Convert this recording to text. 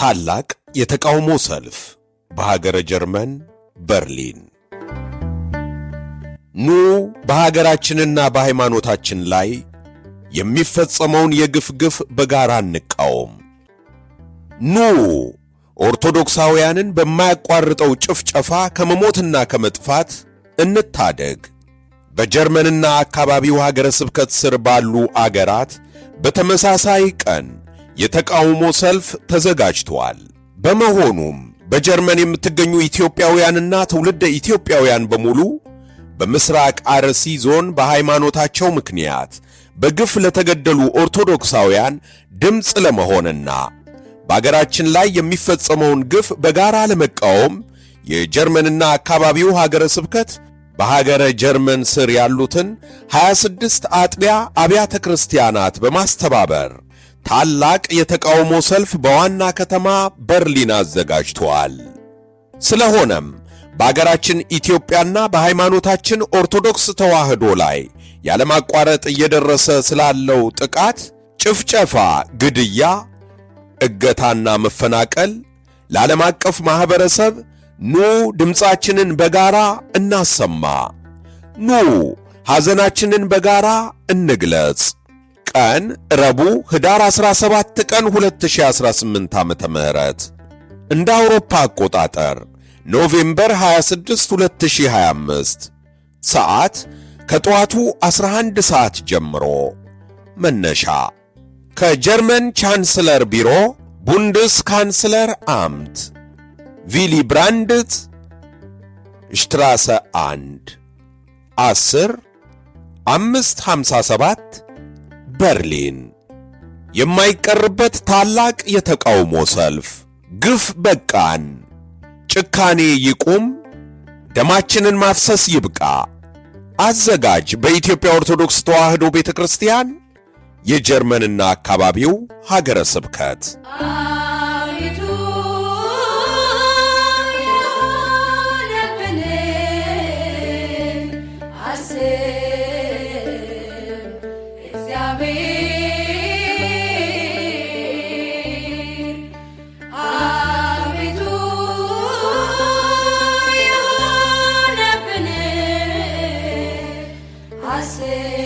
ታላቅ የተቃውሞ ሰልፍ በሀገረ ጀርመን በርሊን። ኑ በሀገራችንና በሃይማኖታችን ላይ የሚፈጸመውን የግፍ ግፍ በጋራ እንቃወም። ኑ ኦርቶዶክሳውያንን በማያቋርጠው ጭፍጨፋ ከመሞትና ከመጥፋት እንታደግ። በጀርመንና አካባቢው ሀገረ ስብከት ስር ባሉ አገራት በተመሳሳይ ቀን የተቃውሞ ሰልፍ ተዘጋጅቷል። በመሆኑም በጀርመን የምትገኙ ኢትዮጵያውያንና ትውልደ ኢትዮጵያውያን በሙሉ በምስራቅ አርሲ ዞን በሃይማኖታቸው ምክንያት በግፍ ለተገደሉ ኦርቶዶክሳውያን ድምፅ ለመሆንና በአገራችን ላይ የሚፈጸመውን ግፍ በጋራ ለመቃወም የጀርመንና አካባቢው ሀገረ ስብከት በሀገረ ጀርመን ስር ያሉትን 26 አጥቢያ አብያተ ክርስቲያናት በማስተባበር ታላቅ የተቃውሞ ሰልፍ በዋና ከተማ በርሊን አዘጋጅቷል። ስለሆነም በአገራችን ኢትዮጵያና በሃይማኖታችን ኦርቶዶክስ ተዋህዶ ላይ ያለማቋረጥ እየደረሰ ስላለው ጥቃት፣ ጭፍጨፋ፣ ግድያ፣ እገታና መፈናቀል ለዓለም አቀፍ ማኅበረሰብ ኑ ድምፃችንን በጋራ እናሰማ። ኑ ሐዘናችንን በጋራ እንግለጽ። ቀን ረቡዕ ኅዳር 17 ቀን 2018 ዓ ምህረት እንደ አውሮፓ አቆጣጠር ኖቬምበር 26 2025 ሰዓት ከጠዋቱ 11 ሰዓት ጀምሮ መነሻ ከጀርመን ቻንስለር ቢሮ ቡንድስ ካንስለር አምት ቪሊ ብራንድት ሽትራሰ አንድ 10 557 በርሊን የማይቀርበት ታላቅ የተቃውሞ ሰልፍ። ግፍ በቃን! ጭካኔ ይቁም! ደማችንን ማፍሰስ ይብቃ! አዘጋጅ በኢትዮጵያ ኦርቶዶክስ ተዋህዶ ቤተ ክርስቲያን የጀርመንና አካባቢው ሀገረ ስብከት say